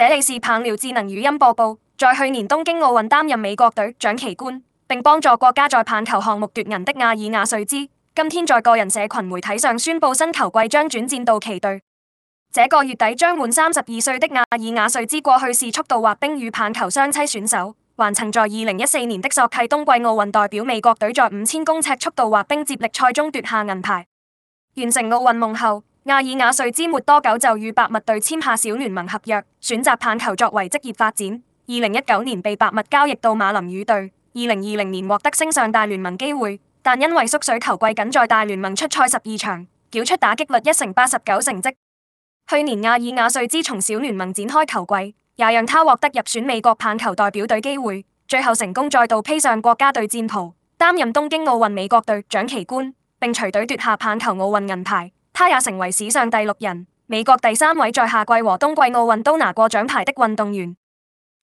這裏是棒鳥智能語音播報。在去年東京奧運擔任美國隊掌旗官，並幫助國家在棒球項目奪銀的阿爾瓦瑞茲，今天在個人社群媒體上宣布，新球季將轉戰道奇隊。這個,個月底將滿三十二歲的阿爾瓦瑞茲，過去是速度滑冰與棒球雙棲選手，還曾在二零一四年的索契冬季奧運代表美國隊在五千公尺速度滑冰接力賽中奪下銀牌，完成奧運夢後。亞爾瓦瑞茲沒多久就與白襪隊簽下小聯盟合約，選擇棒球作為職業發展。二零一九年被白襪交易到馬林魚隊，二零二零年獲得升上大聯盟機會，但因為縮水球季僅在大聯盟出賽十二場，繳出打擊率一成八十九成績。去年亞爾瓦瑞茲從小聯盟展開球季，也讓他獲得入選美國棒球代表隊機會，最後成功再度披上國家隊戰袍，擔任東京奧運美國隊掌旗官，並隨隊奪下棒球奧運銀牌。他也成為史上第六人，美國第三位在夏季和冬季奧運都拿過獎牌的運動員。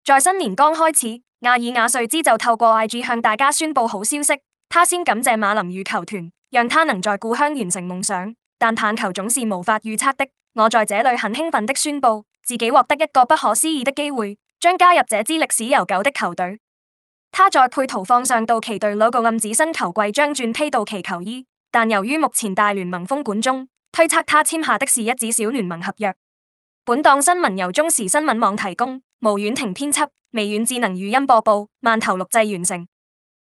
在新年剛開始，阿爾瓦瑞茲就透過 IG 向大家宣布好消息。他先感謝馬林與球團，讓他能在故鄉完成夢想。但棒球總是無法預測的，我在這裏很興奮的宣布，自己獲得一個不可思議的機會，將加入這支歷史悠久的球隊。他在配圖放上道奇隊攞個暗指新球季將轉披，披道奇球衣，但由於目前大聯盟封管中。推測他簽下的是一紙小聯盟合約。本檔新聞由中時新聞網提供，吳遠亭編輯，微軟智能語音播報，慢頭錄製完成。